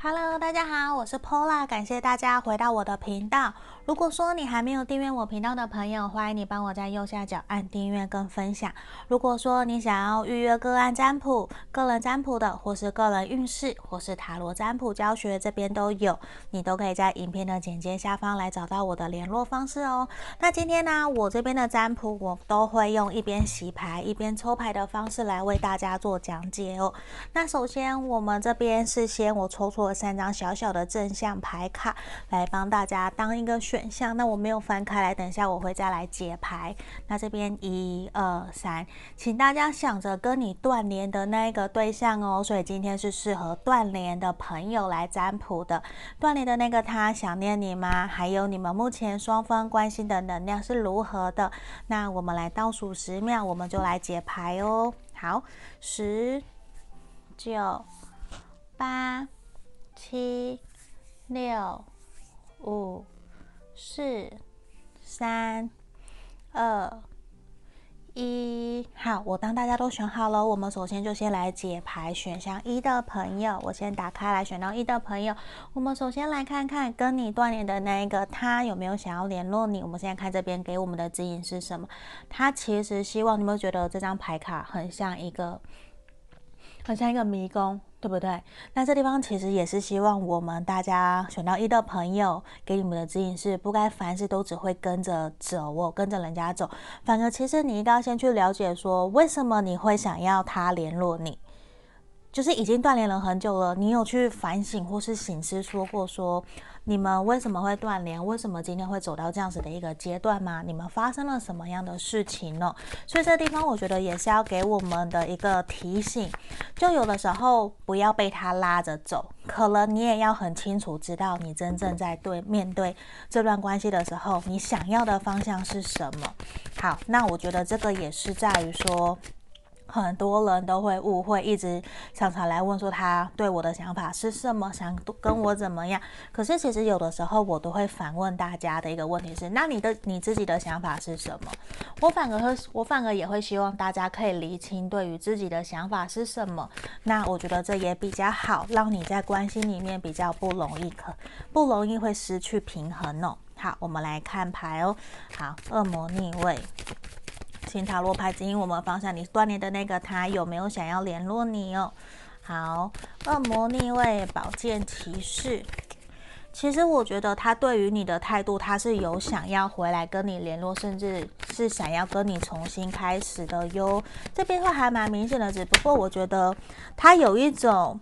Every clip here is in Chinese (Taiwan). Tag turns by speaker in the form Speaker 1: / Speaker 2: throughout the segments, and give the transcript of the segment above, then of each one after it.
Speaker 1: Hello，大家好，我是 Paula，感謝大家回到我的頻道。如果說你還沒有訂閱我頻道的朋友，歡迎你幫我在右下角按訂閱跟分享。如果說你想要預約個案占卜、個人占卜的，或是個人運勢，或是塔羅占卜教學，這邊都有，你都可以在影片的簡介下方來找到我的聯絡方式哦。那今天呢，啊，我這邊的占卜我都會用一邊洗牌一邊抽牌的方式來為大家做講解哦。那首先我們這邊是先我抽出，三張小小的正向牌卡來幫大家當一個選項。那我沒有翻開來，等一下我會再來解牌。那這邊一二三，請大家想着跟你斷聯的那一個對象哦。所以今天是適合斷聯的朋友來占卜的。斷聯的那個他想念你嗎？還有你們目前雙方關係的能量是如何的？那我們來倒數十秒，我們就來解牌哦。好，十九八、七、六、五、四、三、二、一。好，我當大家都選好了，我們首先就先來解牌。選項一的朋友，我先打開來。選到一的朋友，我們首先來看看跟你斷聯的那一個，他有沒有想要聯絡你？我們現在看這邊給我們的指引是什麼？他其實希望，你們覺得這張牌卡很像一個，很像一個迷宮？對不對？那這地方其實也是希望我們大家選到一的朋友給你們的指引是：不該凡事都只會跟着走，哦，跟着人家走，反而其實你一定要先去了解，說為什麼你會想要他聯絡你。就是已經斷聯了很久了，你有去反省或是省思說過說你們為什麼會斷聯，為什麼今天會走到這樣子的一個階段嗎？你們發生了什麼樣的事情呢？所以這地方我覺得也是要給我們的一個提醒，就有的時候不要被他拉着走，可能你也要很清楚知道你真正在對面對這段關係的時候，你想要的方向是什麼。好，那我覺得這個也是在於說。很多人都會誤會，一直常常來問說他對我的想法是什麼，想跟我怎麼樣？可是其實有的時候我都會反問大家的一個問題是：那你的你自己的想法是什麼？我反而會，我反而也會希望大家可以釐清對於自己的想法是什麼。那我覺得這也比較好，讓你在關係裡面比較不容易可不容易會失去平衡哦。好，我們來看牌哦。好，惡魔逆位。請塔羅牌指引我們方向。你斷聯的那個他有沒有想要聯絡你哦？好，惡魔逆位，寶劍騎士。其實我覺得他對於你的態度，他是有想要回來跟你聯絡，甚至是想要跟你重新開始的喲。這邊會還蠻明顯的，只不過我覺得他有一種。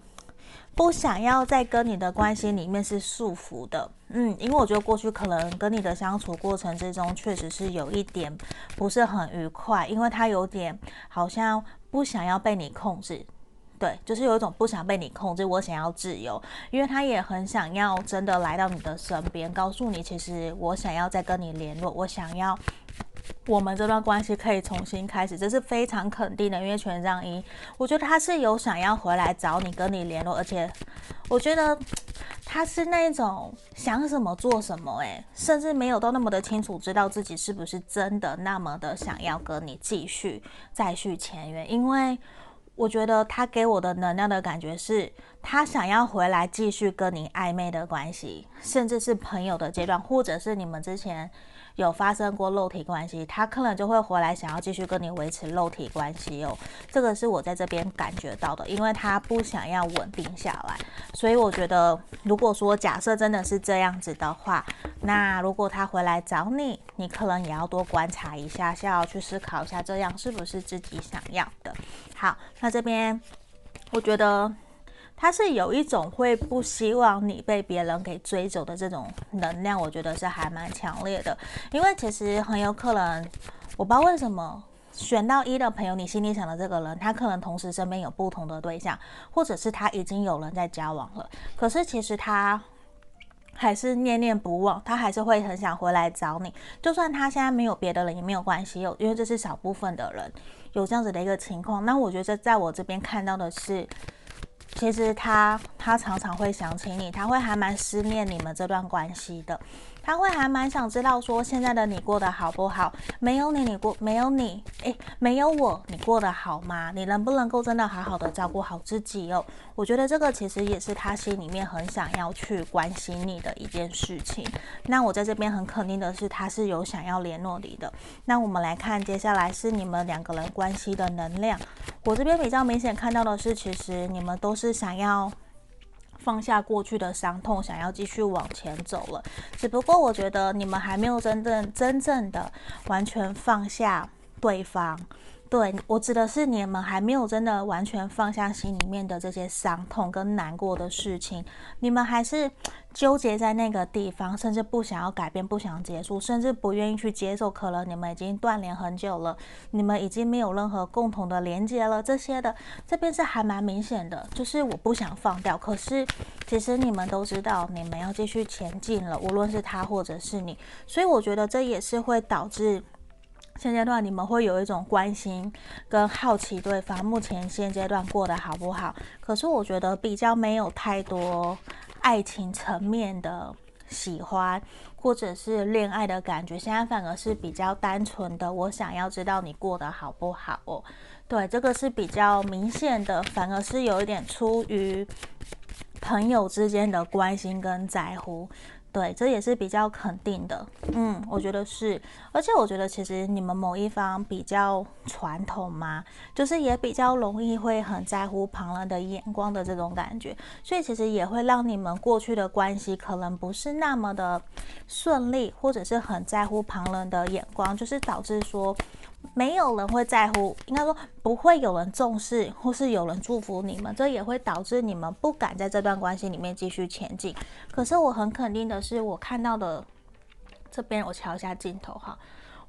Speaker 1: 不想要在跟你的關係裡面是束縛的，嗯，因為我覺得過去可能跟你的相處過程之中，確實是有一點不是很愉快，因為他有點好像不想要被你控制，對，就是有一種不想被你控制，我想要自由，因為他也很想要真的來到你的身邊，告訴你其實我想要再跟你聯絡，我想要我們這段關係可以重新開始，這是非常肯定的，因為權杖一，我覺得他是有想要回來找你，跟你聯絡，而且我覺得他是那種想什麼做什麼，誒，甚至沒有都那麼的清楚，知道自己是不是真的那麼的想要跟你繼續再續前緣，因為我覺得他給我的能量的感覺是他想要回來繼續跟你曖昧的關係，甚至是朋友的階段，或者是你們之前。有發生過肉體關係，他可能就會回來，想要繼續跟你維持肉體關係哦。這個是我在這邊感覺到的，因為他不想要穩定下來，所以我覺得，如果說假設真的是這樣子的話，那如果他回來找你，你可能也要多觀察一下，想要去思考一下，這樣是不是自己想要的。好，那這邊我覺得。他是有一種會不希望你被別人給追走的這種能量，我覺得是還蠻強烈的。因為其實很有可能，我不知道為什麼選到一的朋友，你心裡想的這個人，他可能同時身邊有不同的對象，或者是他已經有人在交往了，可是其實他還是念念不忘，他還是會很想回來找你。就算他現在沒有別的人也沒有關係，因為這是小部分的人有這樣子的一個情況。那我覺得在我這邊看到的是。其實他他常常會想起你，他會還蠻思念你們這段關係的。他會還蠻想知道，說現在的你過得好不好？沒有你，你過沒有你，哎，沒有我，你過得好嗎？你能不能夠真的好好的照顧好自己喲？我覺得這個其實也是他心裡面很想要去關心你的一件事情。那我在這邊很肯定的是，他是有想要聯絡你的。那我們來看接下來是你們兩個人關係的能量。我這邊比較明顯看到的是，其實你們都是想要。放下過去的傷痛，想要繼續往前走了。只不過我覺得你們還沒有真正、真正的完全放下對方。對，我指的是你們還沒有真的完全放下心裡面的這些傷痛跟難過的事情，你們還是。糾結在那個地方，甚至不想要改變，不想結束，甚至不願意去接受。可能你們已經斷聯很久了，你們已經沒有任何共同的連接了。這些的這邊是還蠻明顯的，就是我不想放掉。可是其實你們都知道，你們要繼續前進了，無論是他或者是你。所以我覺得這也是會導致現階段你們會有一種關心跟好奇對方目前現階段過得好不好。可是我覺得比較沒有太多哦。愛情層面的喜歡，或者是戀愛的感覺，現在反而是比較單純的。我想要知道你過得好不好哦。對，這個是比較明顯的，反而是有一點出於朋友之間的關心跟在乎。對，這也是比較肯定的。嗯，我覺得是，而且我覺得其實你們某一方比較傳統嘛，就是也比較容易會很在乎旁人的眼光的這種感覺，所以其實也會讓你們過去的關係可能不是那麼的順利，或者是很在乎旁人的眼光，就是導致說。沒有人會在乎，應該說不會有人重視，或是有人祝福你們，這也會導致你們不敢在這段關係裡面繼續前進。可是我很肯定的是，我看到的這邊，我瞧一下鏡頭哈，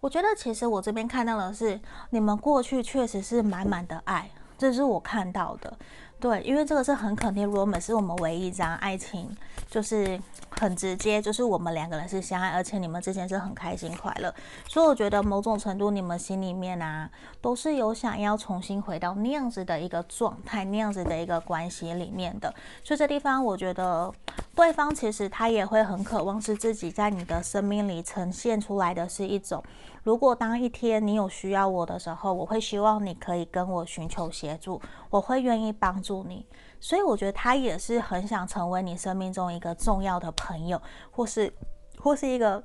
Speaker 1: 我覺得其實我這邊看到的是你們過去確實是滿滿的愛，這是我看到的。對，因為這個是很肯定羅 o 是我們唯一一張愛情，就是很直接，就是我們兩個人是相愛，而且你們之間是很開心快樂，所以我覺得某種程度你們心裡面啊都是有想要重新回到那樣子的一個狀態，那樣子的一個關係裡面的，所以這地方我覺得對方其實他也會很渴望是自己在你的生命裡呈現出來的是一種。如果當一天你有需要我的時候，我會希望你可以跟我尋求協助，我會願意幫助你。所以我覺得他也是很想成為你生命中一個重要的朋友，或是，或是一個。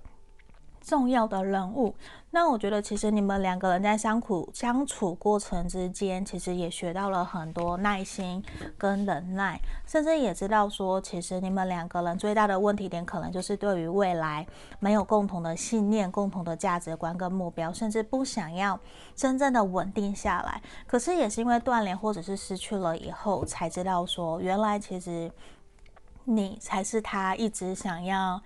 Speaker 1: 重要的人物，那我覺得其實你們兩個人在相處相處過程之間，其實也學到了很多耐心跟忍耐，甚至也知道說，其實你們兩個人最大的問題點，可能就是對於未來沒有共同的信念、共同的價值觀跟目標，甚至不想要真正的穩定下來。可是也是因為斷聯或者是失去了以後，才知道說，原來其實你才是他一直想要。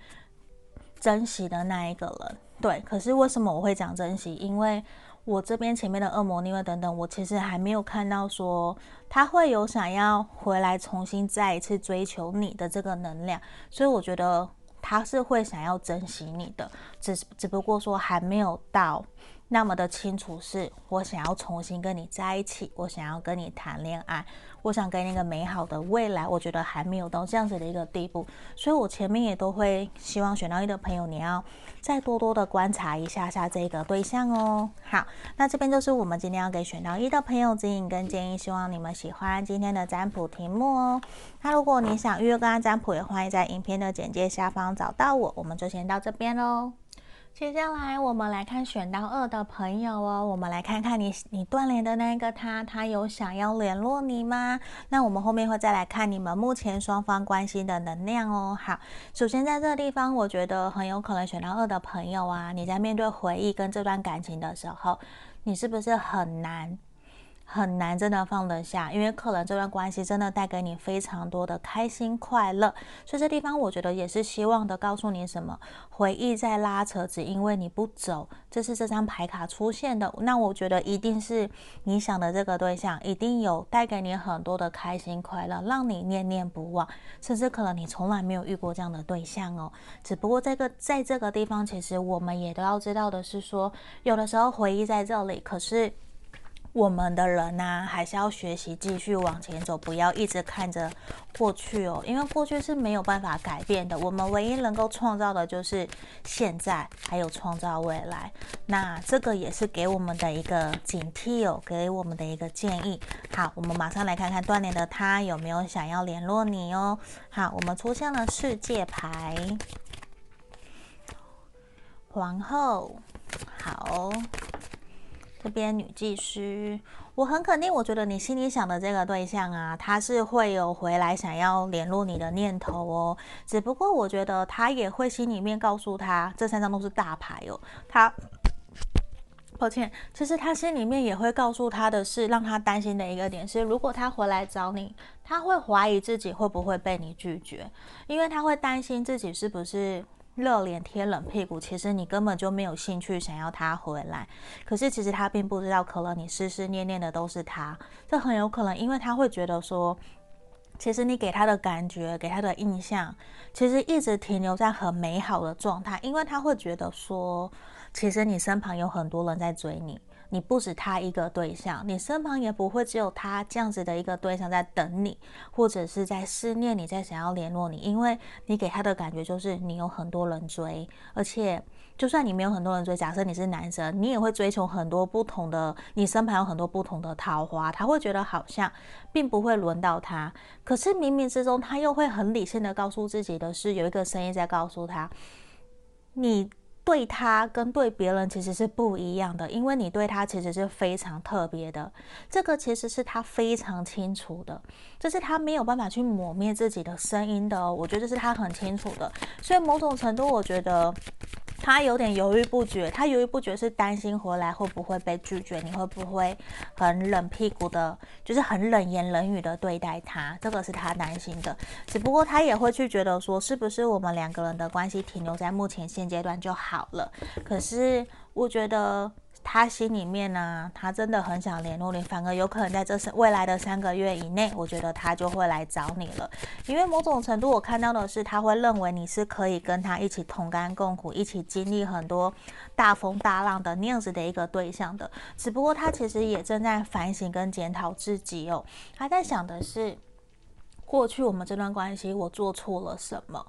Speaker 1: 珍惜的那一個人，對。可是為什麼我會講珍惜？因為我這邊前面的惡魔、逆位等等，我其實還沒有看到說他會有想要回來重新再一次追求你的這個能量，所以我覺得他是會想要珍惜你的，只只不過說還沒有到。那麼的清楚是，是我想要重新跟你在一起，我想要跟你談戀愛，我想給你一個美好的未來，我覺得還沒有到這樣子的一個地步，所以我前面也都會希望選到一的朋友，你要再多多的觀察一下下這個對象哦、喔。好，那這邊就是我們今天要給選到一的朋友指引跟建議，希望你們喜歡今天的占卜題目哦、喔。那如果你想預約個案占卜，也歡迎在影片的簡介下方找到我，我們就先到這邊嘍。接下來我們來看選到二的朋友哦，我們來看看你，你斷聯的那個他，他有想要聯絡你嗎？那我們後面會再來看你們目前雙方關係的能量哦。好，首先在這個地方，我覺得很有可能選到二的朋友啊，你在面對回憶跟這段感情的時候，你是不是很難？很難真的放得下，因為可能這段關係真的帶給你非常多的開心快樂，所以這地方我覺得也是希望的告訴你什麼，回憶在拉扯，只因為你不走，這是這張牌卡出現的。那我覺得一定是你想的這個對象，一定有帶給你很多的開心快樂，讓你念念不忘，甚至可能你從來沒有遇過這樣的對象哦。只不過這個在這個地方，其實我們也都要知道的是說，有的時候回憶在這裡，可是。我們的人吶、啊，還是要學習繼續往前走，不要一直看着過去哦，因為過去是沒有辦法改變的。我們唯一能夠創造的就是現在，還有創造未來。那這個也是給我們的一個警惕哦，給我們的一個建議。好，我們馬上來看看斷聯的他有沒有想要聯絡你哦。好，我們出現了世界牌皇後，好。這邊女繼續，我很肯定，我覺得你心裡想的這個對象啊，他是會有回來想要聯絡你的念頭哦。只不過我覺得他也會心裡面告訴他，這三張都是大牌哦。他，抱歉，其實他心裡面也會告訴他的是，讓他擔心的一個點是，如果他回來找你，他會懷疑自己會不會被你拒絕，因為他會擔心自己是不是。熱臉貼冷屁股，其實你根本就沒有興趣想要他回來。可是其實他並不知道，可能你思思念念的都是他。這很有可能，因為他會覺得說，其實你給他的感覺、給他的印象，其實一直停留在很美好的狀態。因為他會覺得說，其實你身旁有很多人在追你。你不止他一個對象，你身旁也不會只有他這樣子的一個對象在等你，或者是在思念你，在想要聯絡你，因為你給他的感覺就是你有很多人追，而且就算你沒有很多人追，假設你是男生，你也會追求很多不同的，你身旁有很多不同的桃花，他會覺得好像並不會輪到他，可是冥冥之中他又會很理性的告訴自己的，是有一個聲音在告訴他，你對他跟對別人其實是不一樣的，因為你對他其實是非常特別的，這個其實是他非常清楚的，這、就是他沒有辦法去抹滅自己的聲音的哦。我覺得是他很清楚的，所以某種程度，我覺得他有點猶豫不決。他猶豫不決是擔心回來會不會被拒絕，你會不會很冷屁股的，就是很冷言冷語的對待他，這個是他擔心的。只不過他也會去覺得說，是不是我們兩個人的關係停留在目前現階段就好。好了，可是我覺得他心裡面呢、啊，他真的很想聯絡你，反而有可能在這未來的三個月以內，我覺得他就會來找你了，因為某種程度我看到的是，他會認為你是可以跟他一起同甘共苦，一起經歷很多大風大浪的那樣子的一個對象的。只不過他其實也正在反省跟檢討自己哦，他在想的是，過去我們這段關係我做錯了什麼。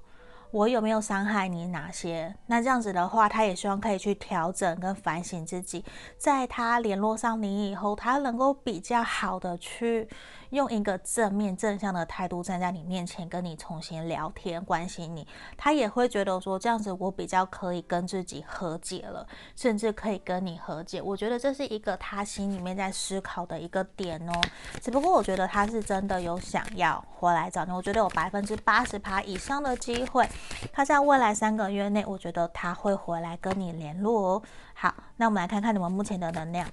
Speaker 1: 我有沒有傷害你哪些？那這樣子的話，他也希望可以去調整跟反省自己，在他聯絡上你以後，他能夠比較好的去。用一個正面、正向的態度站在你面前，跟你重新聊天、關心你，他也會覺得說，這樣子我比較可以跟自己和解了，甚至可以跟你和解。我覺得這是一個他心裡面在思考的一個點哦。只不過我覺得他是真的有想要回來找你，我覺得有百分之八十趴以上的機會，他在未來三個月內，我覺得他會回來跟你聯絡哦。好，那我們來看看你們目前的能量。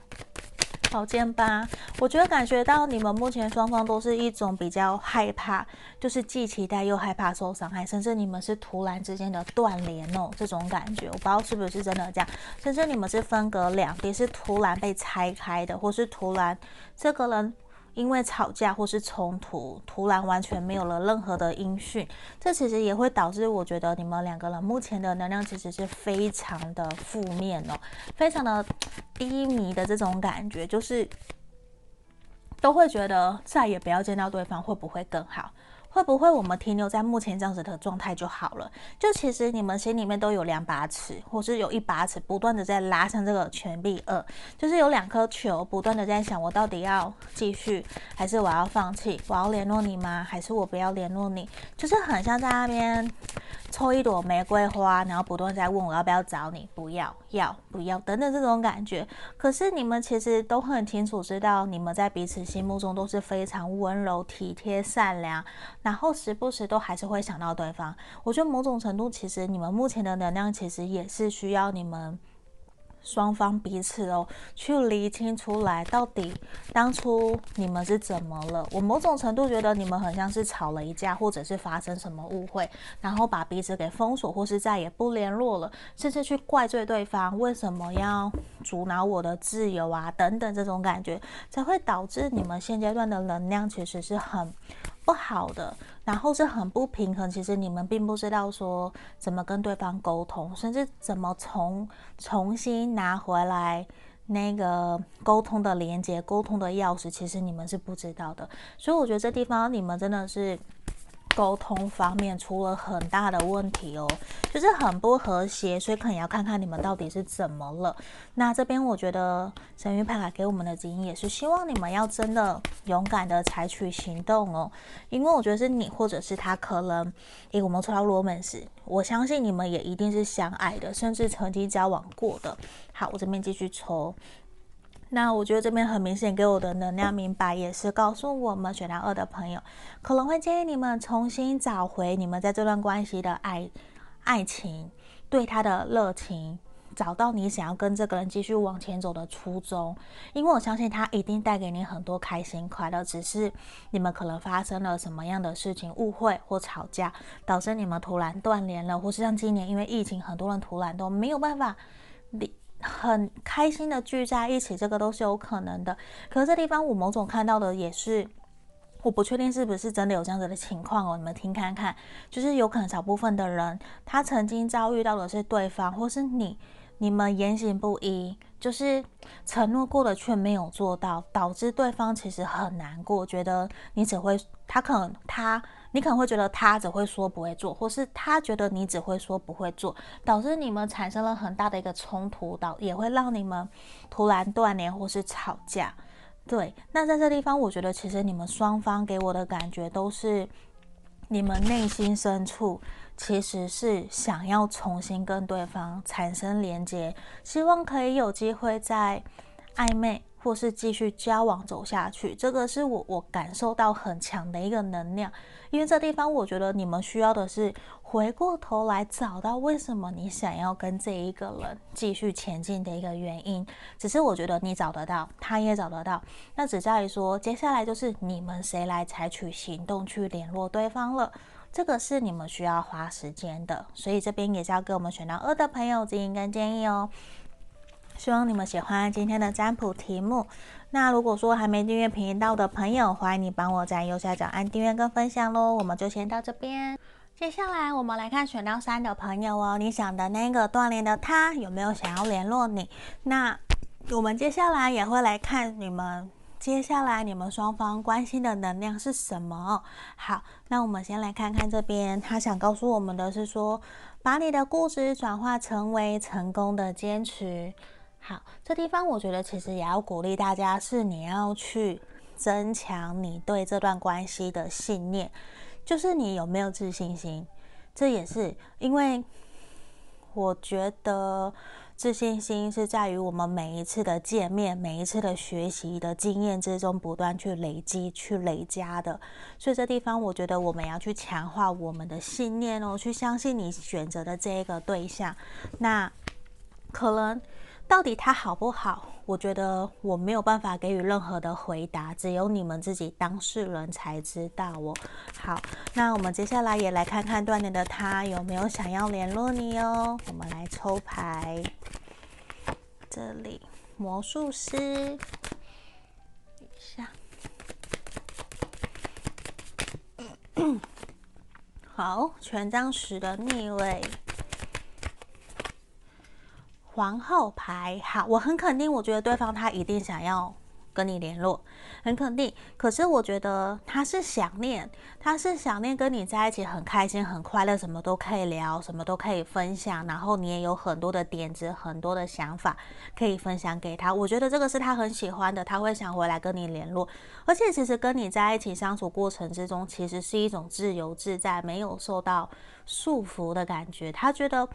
Speaker 1: 寶劍吧，我覺得感覺到你們目前雙方都是一種比較害怕，就是既期待又害怕受傷害，甚至你們是突然之間的斷聯哦，這種感覺，我不知道是不是真的這樣，甚至你們是分隔兩地，是突然被拆開的，或是突然這個人。因為吵架或是衝突，突然完全沒有了任何的音訊，這其實也會導致我覺得你們兩個人目前的能量其實是非常的負面哦，非常的低迷的這種感覺，就是都會覺得再也不要見到對方會不會更好？會不會我們停留在目前這樣子的狀態就好了？就其實你們心裡面都有兩把尺，或是有一把尺不斷的在拉上這個錢幣二，就是有兩顆球不斷的在想，我到底要繼續還是我要放棄？我要聯絡你嗎？還是我不要聯絡你？就是很像在那邊。抽一朵玫瑰花，然後不斷在問我要不要找你，不要，要不要，等等，這種感覺。可是你們其實都很清楚知道，你們在彼此心目中都是非常溫柔、體貼、善良，然後時不時都還是會想到對方。我覺得某種程度，其實你們目前的能量，其實也是需要你們。雙方彼此哦，去釐清出來，到底當初你們是怎麼了？我某種程度覺得你們很像是吵了一架，或者是發生什麼誤會，然後把彼此給封鎖，或是再也不聯絡了，甚至去怪罪對方為什麼要。阻撓我的自由啊，等等，這種感覺才會導致你們現階段的能量其實是很不好的，然後是很不平衡。其實你們並不知道說怎麼跟對方溝通，甚至怎麼從重新拿回來那個溝通的連接、溝通的鑰匙。其實你們是不知道的，所以我覺得這地方你們真的是。溝通方面出了很大的問題哦，就是很不和諧，所以可能要看看你們到底是怎麼了。那這邊我覺得神諭牌卡給我們的指引也是希望你們要真的勇敢的採取行動哦，因為我覺得是你或者是他，可能誒、欸，我們抽到 Romance，我相信你們也一定是相愛的，甚至曾經交往過的。好，我這邊繼續抽。那我覺得這邊很明顯給我的能量，明白也是告訴我們選到二的朋友，可能會建議你們重新找回你們在這段關係的愛、愛情、對他的熱情，找到你想要跟這個人繼續往前走的初衷。因為我相信他一定帶給你很多開心快樂，只是你們可能發生了什麼樣的事情，誤會或吵架，導致你們突然斷聯了，或是像今年因為疫情，很多人突然都沒有辦法。很開心的聚在一起，這個都是有可能的。可是這地方我某種看到的也是，我不確定是不是真的有這樣子的情況哦。你們聽看看，就是有可能少部分的人，他曾經遭遇到的是對方或是你。你們言行不一，就是承諾過的卻沒有做到，導致對方其實很難過，覺得你只會，他可能，他，你可能會覺得他只會說不會做，或是他覺得你只會說不會做，導致你們產生了很大的一個衝突，導也會讓你們突然斷聯或是吵架。對，那在這地方，我覺得其實你們雙方給我的感覺都是你們內心深處。其實是想要重新跟對方產生連接，希望可以有機會再曖昧或是繼續交往走下去。這個是我我感受到很強的一個能量，因為這地方我覺得你們需要的是。回過頭來找到為什麼你想要跟這一個人繼續前進的一個原因，只是我覺得你找得到，他也找得到，那只在於說，接下來就是你們誰來採取行動去聯絡對方了，這個是你們需要花時間的，所以這邊也是要給我們選到二的朋友指引跟建議哦。希望你們喜歡今天的占卜題目。那如果說還沒訂閱頻道的朋友，歡迎你幫我在右下角按訂閱跟分享嘍。我們就先到這邊。接下來我們來看選到三的朋友哦，你想的那個斷聯的他有沒有想要聯絡你？那我們接下來也會來看你們接下來你們雙方關係的能量是什麼。好，那我們先來看看這邊，他想告訴我們的是說，把你的固執轉化成為成功的堅持。好，這地方我覺得其實也要鼓勵大家，是你要去增強你對這段關係的信念。就是你有沒有自信心？這也是因為，我覺得自信心是在於我們每一次的見面、每一次的學習的經驗之中不斷去累積、去累加的。所以這地方，我覺得我們要去強化我們的信念哦，去相信你選擇的這一個對象。那可能。到底他好不好？我覺得我沒有辦法給予任何的回答，只有你們自己當事人才知道哦。好，那我們接下來也來看看斷聯的他有沒有想要聯絡你哦。我們來抽牌，這裡魔術師，等一下， 好，權杖十的逆位。皇後牌，好，我很肯定，我覺得對方他一定想要跟你聯絡，很肯定。可是我覺得他是想念，他是想念跟你在一起，很開心，很快樂，什麼都可以聊，什麼都可以分享。然後你也有很多的點子，很多的想法可以分享給他。我覺得這個是他很喜歡的，他會想回來跟你聯絡。而且其實跟你在一起相處過程之中，其實是一種自由自在、沒有受到束縛的感覺。他覺得。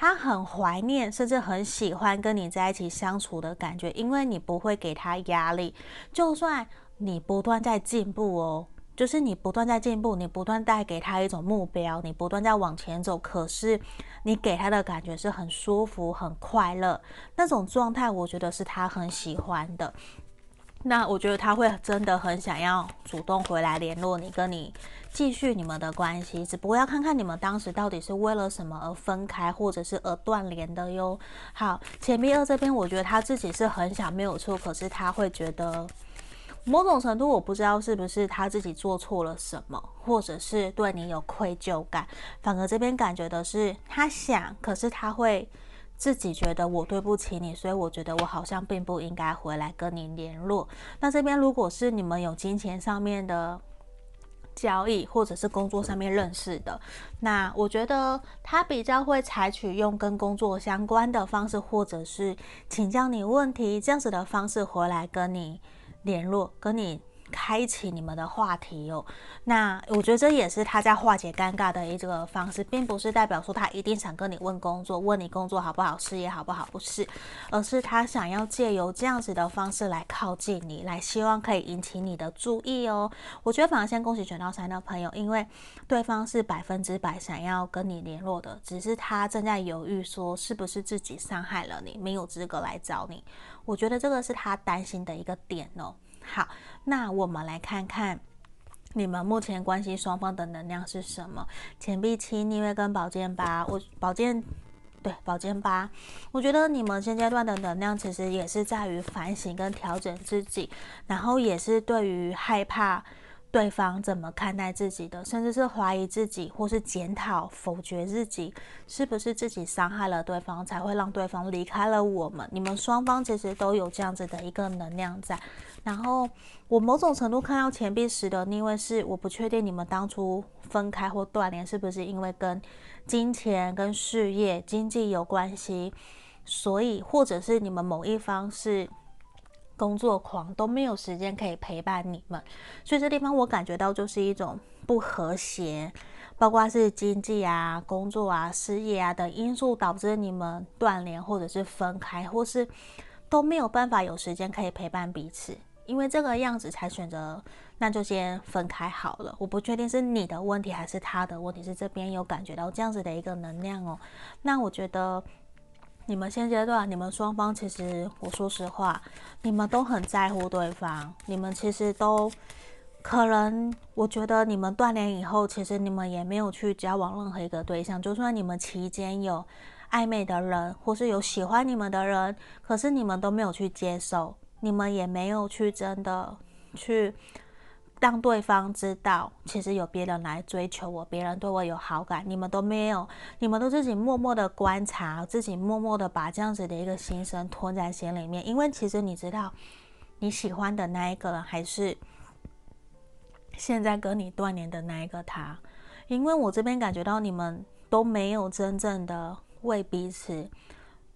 Speaker 1: 他很懷念，甚至很喜歡跟你在一起相處的感覺，因為你不會給他壓力。就算你不斷在進步哦，就是你不斷在進步，你不斷帶給他一種目標，你不斷在往前走。可是你給他的感覺是很舒服、很快樂那種狀態，我覺得是他很喜歡的。那我覺得他會真的很想要主動回來聯絡你，跟你繼續你們的關係，只不過要看看你們當時到底是為了什麼而分開，或者是而斷聯的喲。好，錢幣二這邊，我覺得他自己是很想沒有錯，可是他會覺得某種程度，我不知道是不是他自己做錯了什麼，或者是對你有愧疚感，反而這邊感覺的是他想，可是他會。自己覺得我對不起你，所以我覺得我好像並不應該回來跟你聯絡。那這邊如果是你們有金錢上面的交易，或者是工作上面認識的，那我覺得他比較會採取用跟工作相關的方式，或者是請教你問題，這樣子的方式回來跟你聯絡，跟你開啟你們的話題哦，那我覺得這也是他在化解尷尬的一個方式，並不是代表說他一定想跟你問工作，問你工作好不好，事業好不好，不是，而是他想要借由這樣子的方式來靠近你，來希望可以引起你的注意哦。我覺得反而先恭喜選到三的朋友，因為對方是百分之百想要跟你聯絡的，只是他正在猶豫說是不是自己傷害了你，沒有資格來找你。我覺得這個是他擔心的一個點哦。好，那我們來看看你們目前關係雙方的能量是什麼。錢幣七逆位跟寶劍八，我寶劍，對，寶劍八，我覺得你們現階段的能量其實也是在於反省跟調整自己，然後也是對於害怕。對方怎麼看待自己的，甚至是懷疑自己，或是檢討、否決自己，是不是自己傷害了對方，才會讓對方離開了我們？你們雙方其實都有這樣子的一個能量在。然後我某種程度看到錢幣時的逆位是，我不確定你們當初分開或斷聯是不是因為跟金錢、跟事業、經濟有關係，所以或者是你們某一方是。工作狂都沒有時間可以陪伴你們，所以這地方我感覺到就是一種不和諧，包括是經濟啊、工作啊、失業啊等因素導致你們斷聯，或者是分開，或是都沒有辦法有時間可以陪伴彼此，因為這個樣子才選擇那就先分開好了。我不確定是你的問題還是他的問題，是這邊有感覺到這樣子的一個能量哦。那我覺得。你們現階段，你們雙方其實，我說實話，你們都很在乎對方。你們其實都可能，我覺得你們斷聯以後，其實你們也沒有去交往任何一個對象。就算你們期間有曖昧的人，或是有喜歡你們的人，可是你們都沒有去接受，你們也沒有去真的去。讓對方知道，其實有別人來追求我，別人對我有好感，你們都沒有，你們都自己默默的觀察，自己默默的把這樣子的一個心聲吞在心裡面。因為其實你知道，你喜歡的那一個人，還是現在跟你斷聯的那一個他。因為我這邊感覺到你們都沒有真正的為彼此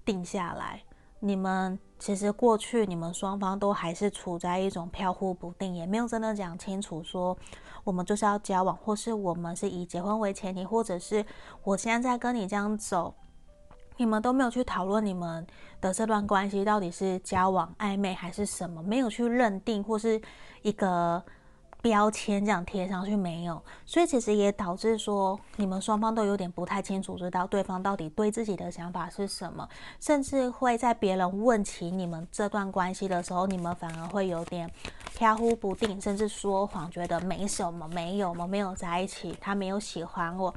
Speaker 1: 定下來。你們其實過去，你們雙方都還是處在一種飄忽不定，也沒有真的講清楚說，我們就是要交往，或是我們是以結婚為前提，或者是我現在在跟你這樣走，你們都沒有去討論你們的這段關係到底是交往曖昧還是什麼，沒有去認定或是一個。標籤這樣貼上去沒有，所以其實也導致說你們雙方都有點不太清楚，知道對方到底對自己的想法是什麼，甚至會在別人問起你們這段關係的時候，你們反而會有點飄忽不定，甚至說謊，覺得沒什麼，沒有，我們沒有在一起，他沒有喜歡我，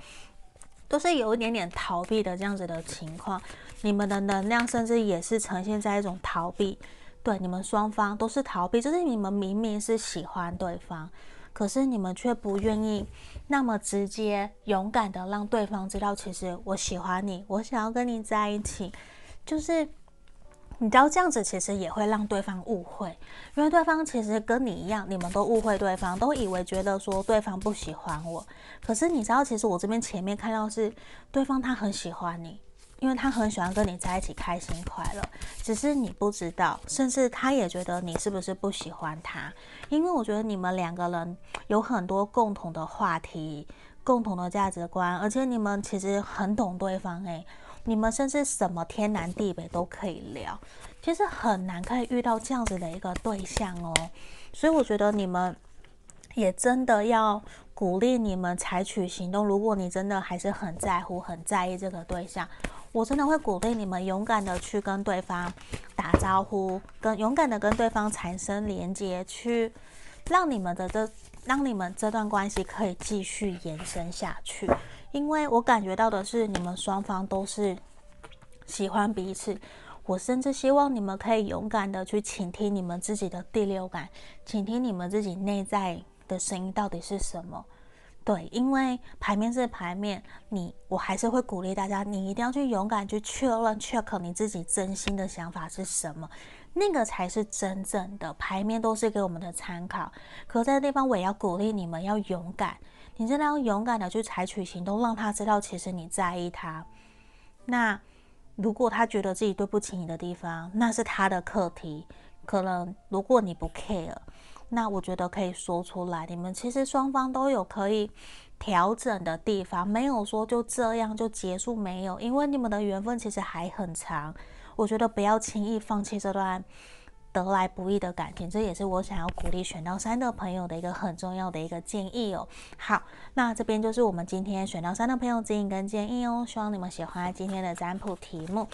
Speaker 1: 都是有一點點逃避的這樣子的情況。你們的能量甚至也是呈現在一種逃避。對，你們雙方都是逃避，就是你們明明是喜歡對方，可是你們卻不願意那麼直接，勇敢的讓對方知道，其實我喜歡你，我想要跟你在一起。就是你知道這樣子，其實也會讓對方誤會，因為對方其實跟你一樣，你們都誤會對方，都以為覺得說對方不喜歡我。可是你知道，其實我這邊前面看到是對方他很喜歡你。因為他很喜歡跟你在一起，開心快樂，只是你不知道，甚至他也覺得你是不是不喜歡他。因為我覺得你們兩個人有很多共同的話題、共同的價值觀，而且你們其實很懂對方欸，你們甚至什麼天南地北都可以聊。其實很難可以遇到這樣子的一個對象哦，所以我覺得你們也真的要鼓勵你們採取行動。如果你真的還是很在乎、很在意這個對象。我真的會鼓勵你們勇敢的去跟對方打招呼，跟勇敢的跟對方產生連接，去讓你們的這讓你們這段關係可以繼續延伸下去。因為我感覺到的是你們雙方都是喜歡彼此，我甚至希望你們可以勇敢的去傾聽你們自己的第六感，傾聽你們自己內在的聲音到底是什麼。對，因為牌面是牌面，你我還是會鼓勵大家，你一定要去勇敢去確認 check 你自己真心的想法是什麼，那個才是真正的牌面，都是給我們的參考。可在地方我也要鼓勵你們要勇敢，你真的要勇敢的去採取行動，讓他知道其實你在意他。那如果他覺得自己對不起你的地方，那是他的課題。可能如果你不 care。那我覺得可以說出來，你們其實雙方都有可以調整的地方，沒有說就這樣就結束，沒有，因為你們的緣分其實還很長。我覺得不要輕易放棄這段得來不易的感情，這也是我想要鼓勵選到三的朋友的一個很重要的一個建議哦。好，那這邊就是我們今天選到三的朋友指引跟建議哦，希望你們喜歡今天的占卜題目。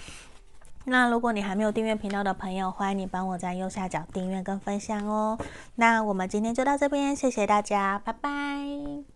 Speaker 1: 那如果你還沒有訂閱頻道的朋友，歡迎你幫我在右下角訂閱跟分享哦。那我們今天就到這邊，謝謝大家，拜拜。